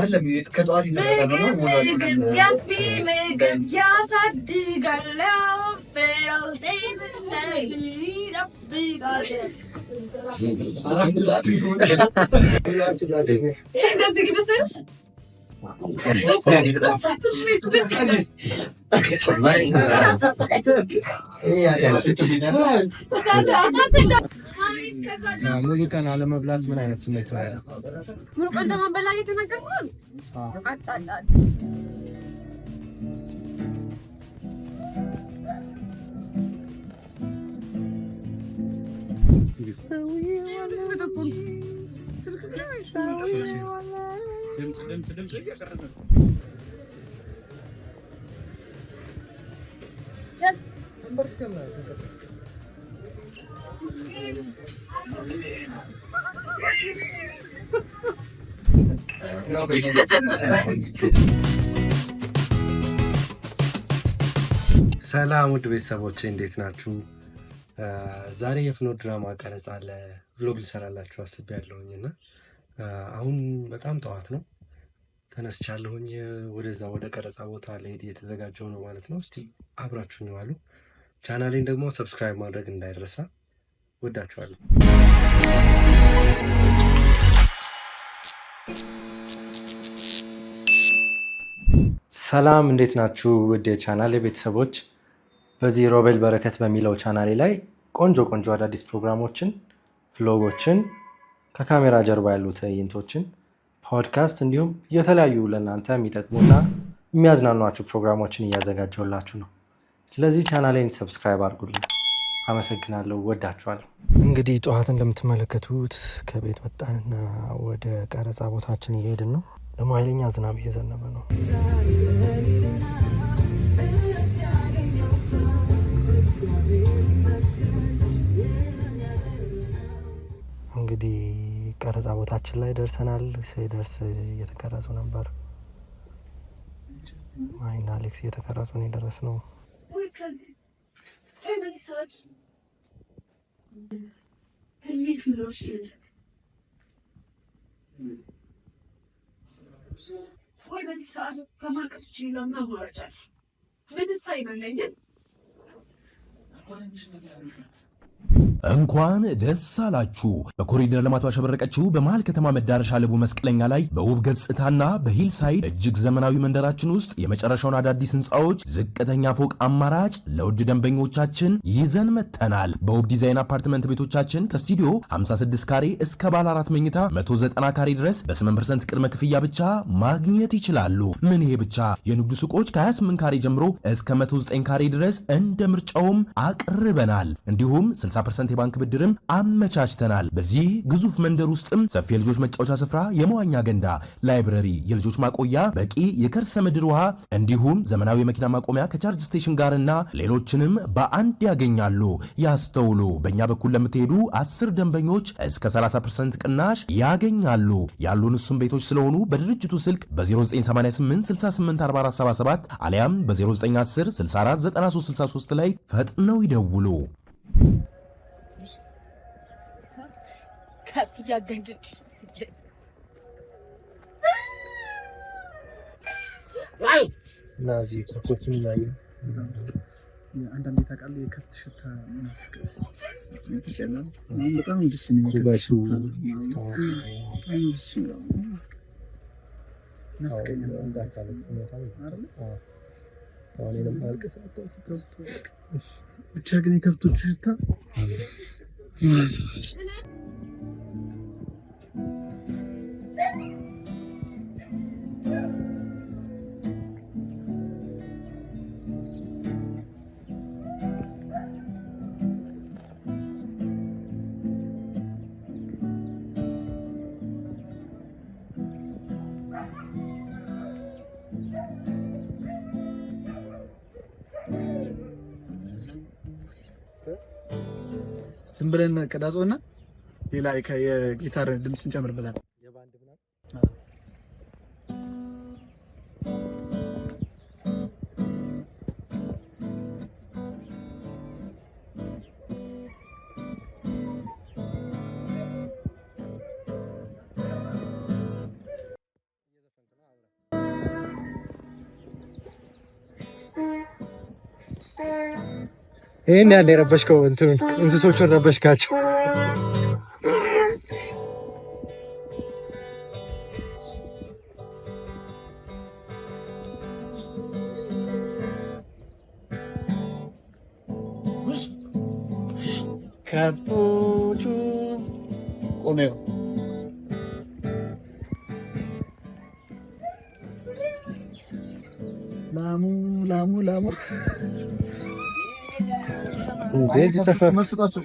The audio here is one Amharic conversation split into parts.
አይደለም ከጠዋት ገፊ ምግብ ያሳድጋል። ይጠብቃል ሙሉቀን አለመብላት ምን አይነት ስሜት ነው ለመበላት የተነገርኩህን ሰውዬው አለ ድምፅ ድምፅ ድምፅ እየቀረጸ ነው። ሰላም ውድ ቤተሰቦች እንዴት ናችሁ? ዛሬ የፍኖ ድራማ ቀረጻ ለቭሎግ ልሰራላችሁ አስቤያለሁኝ እና አሁን በጣም ጠዋት ነው ተነስቻለሁኝ። ወደዛ ወደ ቀረጻ ቦታ ለሄድ የተዘጋጀው ነው ማለት ነው። እስቲ አብራችሁኝ ይዋሉ። ቻናሌን ደግሞ ሰብስክራይብ ማድረግ እንዳይረሳ። ወዳችኋለሁ። ሰላም እንዴት ናችሁ? ውድ የቻናሌ ቤተሰቦች በዚህ ሮቤል በረከት በሚለው ቻናሌ ላይ ቆንጆ ቆንጆ አዳዲስ ፕሮግራሞችን፣ ፍሎጎችን ከካሜራ ጀርባ ያሉ ትዕይንቶችን፣ ፖድካስት እንዲሁም የተለያዩ ለእናንተ የሚጠቅሙና የሚያዝናኗችሁ ፕሮግራሞችን እያዘጋጀሁላችሁ ነው። ስለዚህ ቻናሌን ሰብስክራይብ አድርጉልኝ። አመሰግናለሁ። ወዳችኋል። እንግዲህ ጠዋት እንደምትመለከቱት ከቤት ወጣንና ወደ ቀረጻ ቦታችን እየሄድን ነው። ደግሞ ኃይለኛ ዝናብ እየዘነበ ነው። እንግዲህ ቀረጻ ቦታችን ላይ ደርሰናል። ስደርስ እየተቀረጹ ነበር። አይና አሌክስ እየተቀረጹ ነው የደረስ ነው። ወይ በዚህ ሰዓት ምን አማራጭ አለ? ምንስ እንኳን ደስ አላችሁ። በኮሪደር ልማት ባሸበረቀችው በመሃል ከተማ መዳረሻ ለቡ መስቀለኛ ላይ በውብ ገጽታና በሂል ሳይድ እጅግ ዘመናዊ መንደራችን ውስጥ የመጨረሻውን አዳዲስ ህንፃዎች ዝቅተኛ ፎቅ አማራጭ ለውድ ደንበኞቻችን ይዘን መጥተናል። በውብ ዲዛይን አፓርትመንት ቤቶቻችን ከስቱዲዮ 56 ካሬ እስከ ባለ አራት መኝታ 190 ካሬ ድረስ በ8% ቅድመ ክፍያ ብቻ ማግኘት ይችላሉ። ምን ይሄ ብቻ! የንግዱ ሱቆች ከ28 ካሬ ጀምሮ እስከ 109 ካሬ ድረስ እንደ ምርጫውም አቅርበናል። እንዲሁም 60% ባንክ ብድርም አመቻችተናል። በዚህ ግዙፍ መንደር ውስጥም ሰፊ የልጆች መጫወቻ ስፍራ፣ የመዋኛ ገንዳ፣ ላይብረሪ፣ የልጆች ማቆያ፣ በቂ የከርሰ ምድር ውሃ እንዲሁም ዘመናዊ የመኪና ማቆሚያ ከቻርጅ ስቴሽን ጋርና ሌሎችንም በአንድ ያገኛሉ። ያስተውሉ። በእኛ በኩል ለምትሄዱ አስር ደንበኞች እስከ 30 ቅናሽ ያገኛሉ። ያሉን እሱም ቤቶች ስለሆኑ በድርጅቱ ስልክ በ0988684477 አሊያም በ0910 649363 ላይ ፈጥነው ይደውሉ። ከብት እያገድል አንዳንዴ ታውቃለህ፣ የከብት ሽታ በጣም ደስ ብቻ ግን የከብቶቹ ሽታ ብለን ቀዳጾና ሌላ የጊታር ድምፅ እንጨምርበታል። ይህን ያለ የረበሽከው እንትኑን እንስሶቹን ረበሽካቸው። ከብቶቹ ቆሜው ላሙ ላሙ ላሙ እንደዚህ ሰፈር መስጣቸው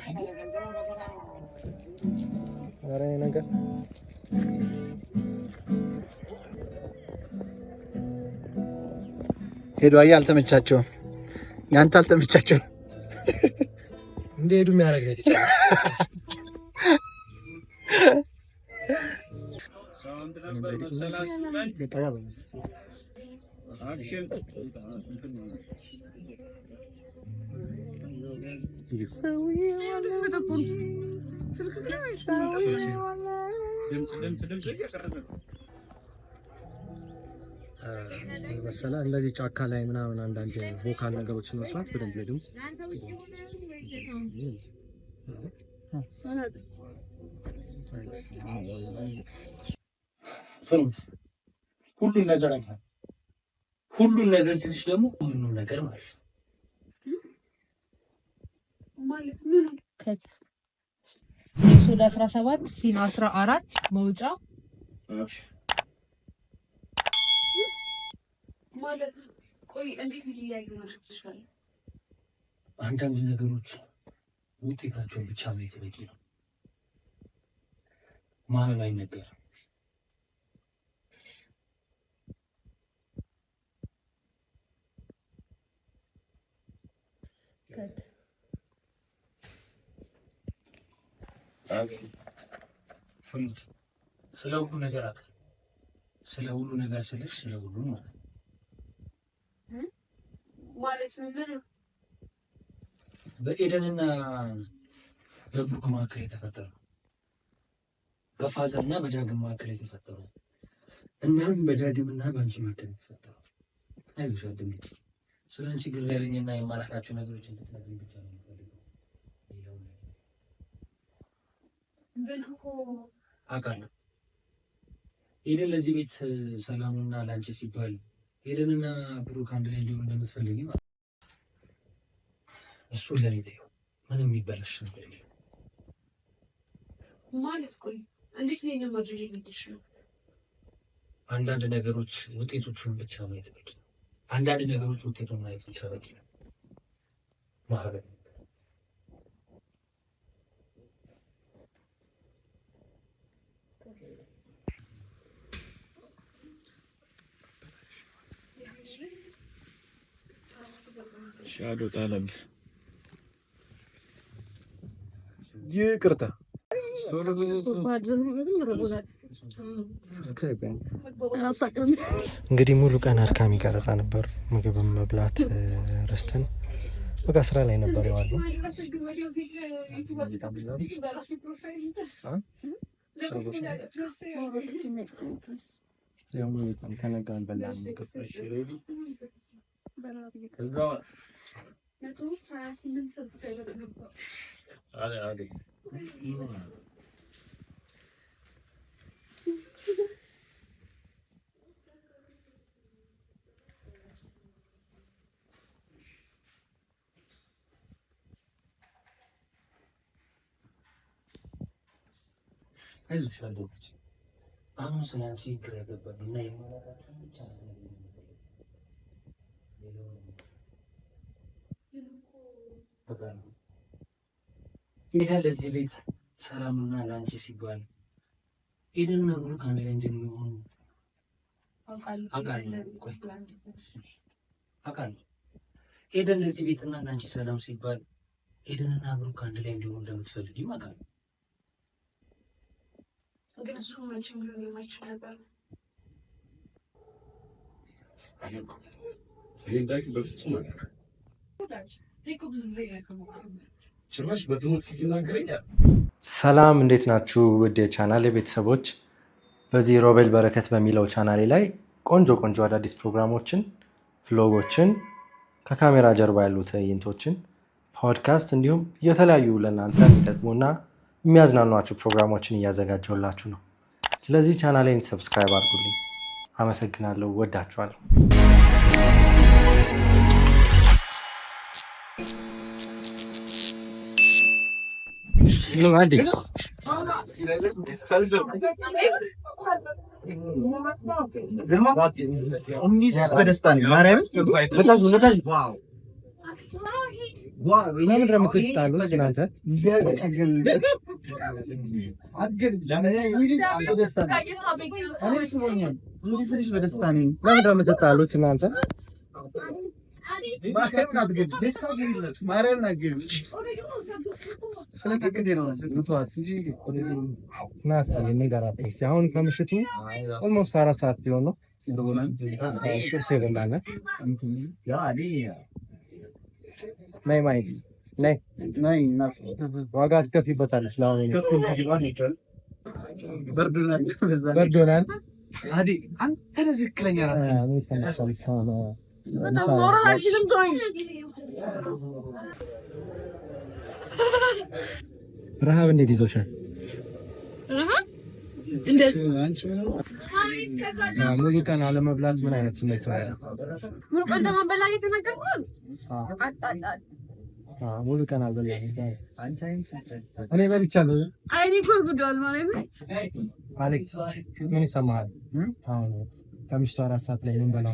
ነገር ሄዶ አየህ፣ አልተመቻቸውም። ያንተ አልተመቻቸውም። እንደ ሄዱ የሚያደርግ ነው የተጫ መሰላ እንደዚህ ጫካ ላይ ምናምን አንዳንድ ቮካል ነገሮችን መስራት በደንብ ድምፅ ሁሉን ነገር ሁሉን ነገር ስልሽ ደግሞ ሁሉንም ነገር ማለት ነው አስራ ሰባት ሲን አስራ አራት መውጫ ማለት ቆይ፣ እንዴት አንዳንድ ነገሮች ውጤታቸውን ብቻ ማየት በቂ ነው። መሀል አይነገርም። ከት ስሙት፣ ስለ ሁሉ ነገር አውቃለሁ። ስለ ሁሉ ነገር ስልሽ ስለ ሁሉ ማለት ማለት ምን በኤደንና በብሩክ መካከል የተፈጠረው በፋዘርና በዳግም መካከል የተፈጠረው እናም በዳግምና በአንቺ መካከል የተፈጠረው አይዞሽ አድምጪ። ስለ አንቺ ግር ያለኝና የማላውቃቸው ነገሮች እንድትነግሪኝ ብቻ ነው። ልብን እኮ አውቃለሁ። ኤደን ለዚህ ቤት ሰላሙና ላንቺ ሲባል ሄደንና ብሩክ አንድ ላይ እንዲሆን እንደምትፈልጊ ማለት እሱ ለኔ ተይው፣ ምንም የሚበላሽ ነገር የለም ማለት ቆይ፣ እንዴት ነው የማድረግ የሚችለው? አንዳንድ ነገሮች ውጤቶቹን ብቻ ማየት በቂ ነው። አንዳንድ ነገሮች ውጤቱን ማየት ብቻ በቂ ነው። ማህበር ሻዶ ጣለብ ይቅርታ እንግዲህ ሙሉ ቀን አድካሚ ቀረጻ ነበር። ምግብ መብላት ረስተን በቃ ስራ ላይ ነበር የዋሉ። आगे आगे አይዞሽ አለ ልጅ አሁን ስለ አንቺ ግራ ገባኝ እና የማላውቃቸውን ብቻ ነው ሌላውን ኤደን ለዚህ ቤት ሰላምና ለአንቺ ሲባል ኤደን እና ብሩክ አንድ ላይ እንደሚሆኑ አውቃለሁ። ኤደን ለዚህ ቤትና ለአንቺ ሰላም ሲባል ኤደንና ብሩክ አንድ ላይ እንዲሆኑ እንደምትፈልጊም አውቃለሁ። ግን እሱ መቼም ሊሆን የማይችል ነገር ነው። በፍጹም ሰላም እንዴት ናችሁ? ውድ የቻናሌ ቤተሰቦች በዚህ ሮቤል በረከት በሚለው ቻናሌ ላይ ቆንጆ ቆንጆ አዳዲስ ፕሮግራሞችን፣ ፍሎጎችን፣ ከካሜራ ጀርባ ያሉ ትዕይንቶችን፣ ፖድካስት እንዲሁም የተለያዩ ለእናንተ የሚጠቅሙና የሚያዝናኗችሁ ፕሮግራሞችን እያዘጋጀውላችሁ ነው። ስለዚህ ቻናሌን ሰብስክራይብ አድርጉልኝ። አመሰግናለሁ። ወዳችኋለሁ። Bunu verdik. Omnis Svedestan. Marem? Mataas, mataas. Wow. Wow, ram kırtlarla genelde. Az gel. Svedestan. Omnis Svedestan. Ram ram kırtlarla genelde. Marem not good. Marem not good. አሁን ከምሽቱ ኦልሞስት አራት ሰዓት ቢሆን ነው። ቁርስ ይበላለን። ናይ ማይ ናይ ዋጋ ትከፊበታለች። በርዶናል። አንተ ትክክለኛ ረሃብ እንዴት ይዞሻል? ረሃብ እንደዚህ ሙሉ አለመብላት ምን አይነት ስሜት ነው ሙሉ ቀን ለማበላ እየተነገርኩህ አጣጣል ሙሉ ቀን አልበላኝም። ምን ይሰማሃል አሁን? ከምሽቱ አራት ሰዓት ላይ ምን በላው?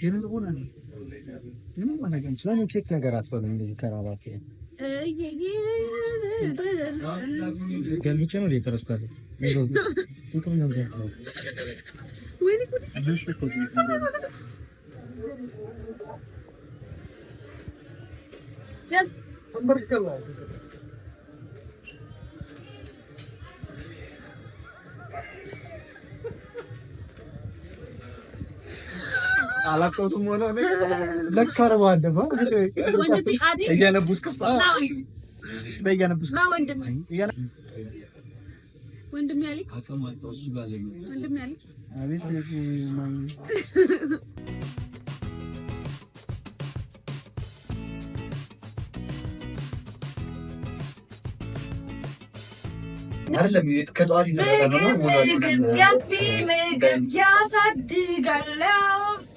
ግን ሆነ ምንም አላገም ስላለ ኬክ ነገር አትበሉ። እንደዚህ ተራባት ገልብጬ ነው የተረስኳት ነው አላቀውትም ሆነ ለካ አርማለሁ እያነቡስ ክስታ በእያነቡስ ክስታ ወንድም አይደለም ከጠዋት ይዘረጋ ምግብ ያሳድጋለው Nasıl gidesin? Kendiniz olun, kendiniz olun.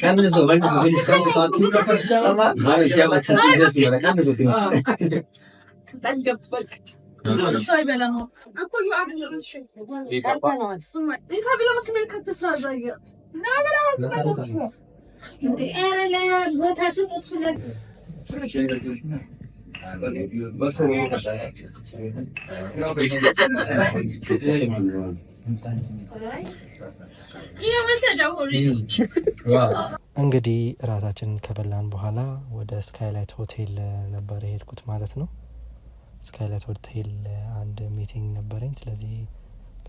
Kendiniz olun. Ama şey ama sen siz yazıyorlar. Kendiniz olun. Ben yapmak. Hmm. እንግዲህ እራታችንን ከበላን በኋላ ወደ ስካይላይት ሆቴል ነበር የሄድኩት ማለት ነው። ስካይላይት ሆቴል አንድ ሚቲንግ ነበረኝ። ስለዚህ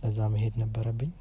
ለዛ መሄድ ነበረብኝ።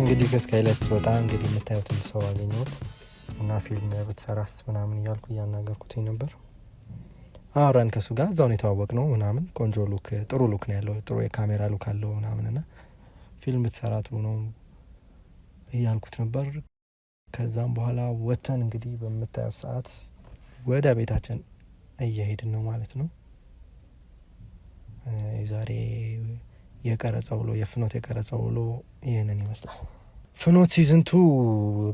እንግዲህ ከስካይላይት ላይ እንግዲህ የምታዩትን ሰው አገኘሁት እና ፊልም ብትሰራስ ምናምን እያልኩ እያናገርኩትኝ ነበር። አውራን ከሱ ጋር እዛውን ነው የተዋወቅ ነው ምናምን። ቆንጆ ሉክ፣ ጥሩ ሉክ ነው ያለው፣ ጥሩ የካሜራ ሉክ አለው ምናምን እና ፊልም ብትሰራ ጥሩ ነው እያልኩት ነበር። ከዛም በኋላ ወተን እንግዲህ በምታዩት ሰዓት ወደ ቤታችን እየሄድን ነው ማለት ነው የዛሬ የቀረጻ ውሎ የፍኖት የቀረጻ ውሎ ይህንን ይመስላል። ፍኖት ሲዝንቱ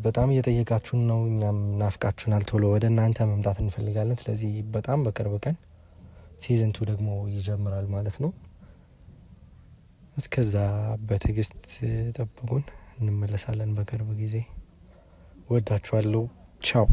በጣም እየጠየቃችሁን ነው፣ እኛም ናፍቃችሁናል። ቶሎ ወደ እናንተ መምጣት እንፈልጋለን። ስለዚህ በጣም በቅርብ ቀን ሲዝንቱ ደግሞ ይጀምራል ማለት ነው። እስከዛ በትዕግስት ጠብቁን፣ እንመለሳለን በቅርብ ጊዜ። ወዳችኋለሁ። ቻው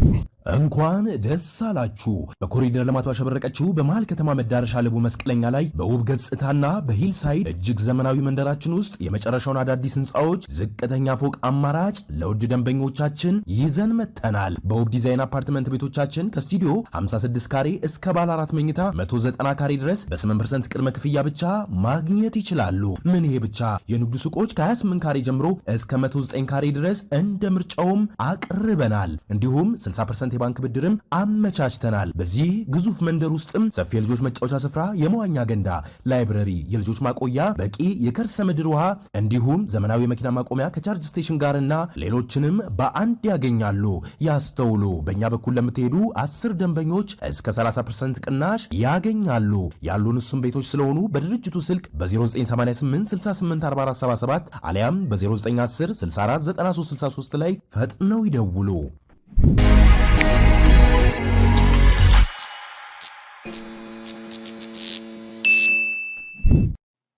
እንኳን ደስ አላችሁ! በኮሪደር ልማት ባሸበረቀችው በመሃል ከተማ መዳረሻ ልቡ መስቀለኛ ላይ በውብ ገጽታና በሂል ሳይድ እጅግ ዘመናዊ መንደራችን ውስጥ የመጨረሻውን አዳዲስ ህንፃዎች ዝቅተኛ ፎቅ አማራጭ ለውድ ደንበኞቻችን ይዘን መጥተናል። በውብ ዲዛይን አፓርትመንት ቤቶቻችን ከስቱዲዮ 56 ካሬ እስከ ባለ አራት መኝታ 190 ካሬ ድረስ በ8% ቅድመ ክፍያ ብቻ ማግኘት ይችላሉ። ምን ይሄ ብቻ! የንግዱ ሱቆች ከ28 ካሬ ጀምሮ እስከ 109 ካሬ ድረስ እንደ ምርጫውም አቅርበናል። እንዲሁም 60 ባንክ ብድርም አመቻችተናል። በዚህ ግዙፍ መንደር ውስጥም ሰፊ የልጆች መጫወቻ ስፍራ፣ የመዋኛ ገንዳ፣ ላይብረሪ፣ የልጆች ማቆያ፣ በቂ የከርሰ ምድር ውሃ እንዲሁም ዘመናዊ የመኪና ማቆሚያ ከቻርጅ ስቴሽን ጋርና ሌሎችንም በአንድ ያገኛሉ። ያስተውሉ። በእኛ በኩል ለምትሄዱ አስር ደንበኞች እስከ 30 ቅናሽ ያገኛሉ። ያሉን እሱም ቤቶች ስለሆኑ በድርጅቱ ስልክ በ0988684477 አሊያም በ 0910649363 ላይ ፈጥነው ይደውሉ።